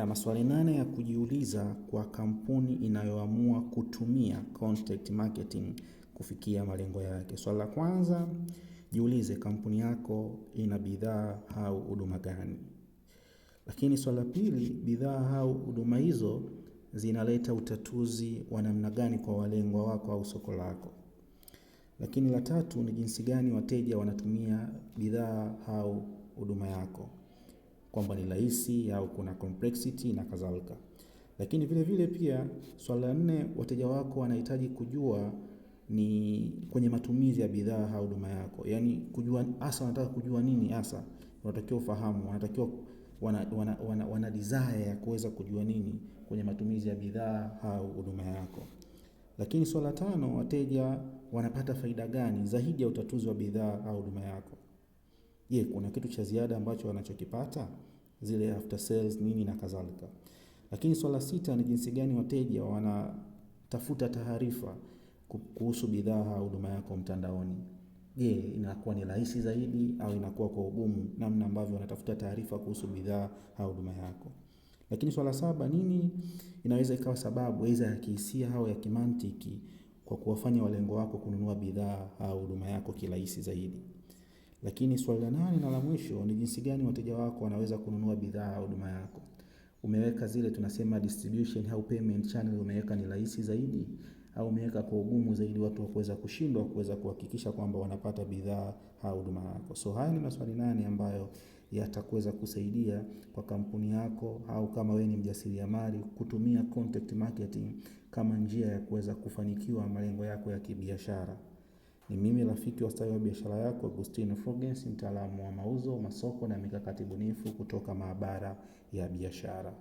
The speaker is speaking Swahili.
ya maswali nane ya kujiuliza kwa kampuni inayoamua kutumia content marketing kufikia malengo yake. Swali la kwanza, jiulize kampuni yako ina bidhaa au huduma gani? Lakini swali la pili, bidhaa au huduma hizo zinaleta utatuzi wa namna gani kwa walengwa wako au soko lako? Lakini la tatu ni jinsi gani wateja wanatumia bidhaa au huduma yako? kwamba ni rahisi au kuna complexity na kadhalika. Lakini vile vile pia, swala la nne, wateja wako wanahitaji kujua ni kwenye matumizi ya bidhaa au huduma yako, yani kujua hasa wanataka kujua nini hasa, wanatakiwa ufahamu, wanatakiwa wana, wana, wana, wana desire ya kuweza kujua nini kwenye matumizi ya bidhaa au huduma yako. Lakini swala tano, wateja wanapata faida gani zaidi ya utatuzi wa bidhaa au huduma yako? Je, kuna kitu cha ziada ambacho wanachokipata zile after sales nini na kadhalika. Lakini swala sita ni jinsi gani wateja wanatafuta taarifa kuhusu bidhaa au huduma yako mtandaoni. Je, inakuwa ni rahisi zaidi au inakuwa kwa ugumu namna ambavyo wanatafuta taarifa kuhusu bidhaa au huduma yako. Lakini swala saba, nini inaweza ikawa sababu aidha ya kihisia au ya kimantiki kwa kuwafanya walengo wako kununua bidhaa au huduma yako kirahisi zaidi. Lakini swali la nane na la mwisho ni jinsi gani wateja wako wanaweza kununua bidhaa au huduma yako. Umeweka zile tunasema distribution au payment channel, umeweka ni rahisi zaidi au umeweka kwa ugumu zaidi, watu wakuweza kushindwa kuweza kuhakikisha kwamba wanapata bidhaa au huduma yako. So haya ni maswali nane ambayo yatakuweza kusaidia kwa kampuni yako au kama wewe ni mjasiriamali kutumia content marketing kama njia ya kuweza kufanikiwa malengo yako ya kibiashara. Ni mimi rafiki wa ustawi wa biashara yako Agustino Frogens, mtaalamu wa mauzo, masoko na mikakati bunifu kutoka maabara ya biashara.